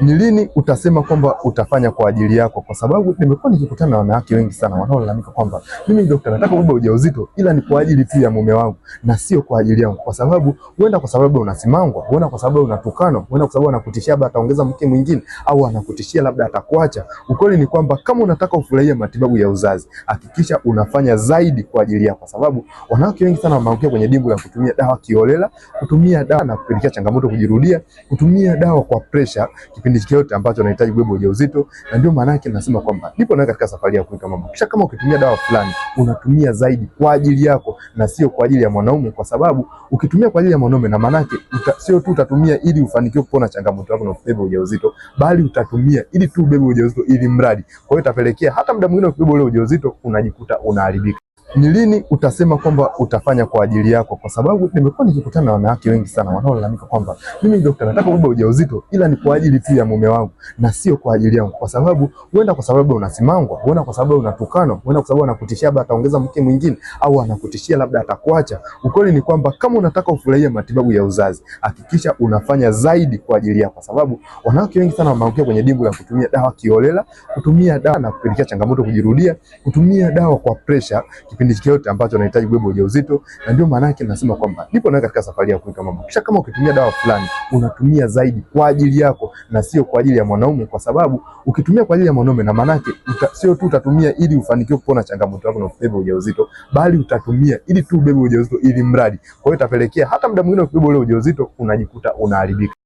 ni lini utasema kwamba utafanya kwa ajili yako? Kwa sababu nimekuwa nikikutana na wanawake wengi sana wanaolalamika kwamba mimi dokta, nataka kubeba ujauzito ila ni kwa ajili pia ya mume wangu na sio kwa ajili yangu, kwa sababu huenda kwa sababu unasimangwa, huenda kwa sababu unatukana, huenda kwa sababu anakutishia labda ataongeza mke mwingine, au anakutishia labda atakuacha. Ukweli ni kwamba kama unataka ufurahia matibabu ya uzazi, hakikisha unafanya zaidi kwa ajili yako, kwa sababu wanawake wengi sana wameangukia kwenye dimbu la kutumia dawa kiolela, kutumia dawa na kupelekea changamoto kujirudia, kutumia dawa kwa pressure kipindi chote ambacho unahitaji kubeba ujauzito, na ndio maana yake nasema kwamba ndipo naweka katika safari ya kuweka mama. Kisha kama ukitumia dawa fulani, unatumia zaidi kwa ajili yako na sio kwa ajili ya mwanaume, kwa sababu ukitumia kwa ajili ya mwanaume, na maana yake sio tu utatumia ili ufanikiwe kupona changamoto yako na kubeba ujauzito, bali utatumia ili tu ubebe ujauzito ili mradi. Kwa hiyo itapelekea hata muda mwingine ukibeba ule ujauzito unajikuta unaharibika ni lini utasema kwamba utafanya kwa ajili yako? Kwa sababu nimekuwa nikikutana na wanawake wengi sana wanaolalamika kwamba mimi dokta, nataka kubeba ujauzito ila ni kwa ajili tu ya mume wangu na sio kwa ajili yangu, kwa sababu huenda, kwa sababu unasimangwa, huenda kwa sababu unatukanwa, huenda kwa sababu anakutishia labda ataongeza mke mwingine, au anakutishia labda atakuacha. Ukweli ni kwamba kama unataka ufurahie matibabu ya uzazi, hakikisha unafanya zaidi kwa ajili yako, kwa sababu wanawake wengi sana wameangukia kwenye dimbu la kutumia dawa kiolela, kutumia dawa na kupelekea changamoto kujirudia, kutumia dawa kwa pressure kipindi chote ambacho anahitaji kubeba ujauzito, na ndio maana yake nasema kwamba ndipo naweka katika safari ya kuweka mama. Kisha kama ukitumia dawa fulani, unatumia zaidi kwa ajili yako na sio kwa ajili ya mwanaume, kwa sababu ukitumia kwa ajili ya mwanaume, na maana yake sio tu utatumia ili ufanikiwe kupona changamoto yako na kubeba ujauzito, bali utatumia ili tu ubebe ujauzito ili mradi. Kwa hiyo itapelekea hata muda mwingine ukibeba ule ujauzito unajikuta unaharibika.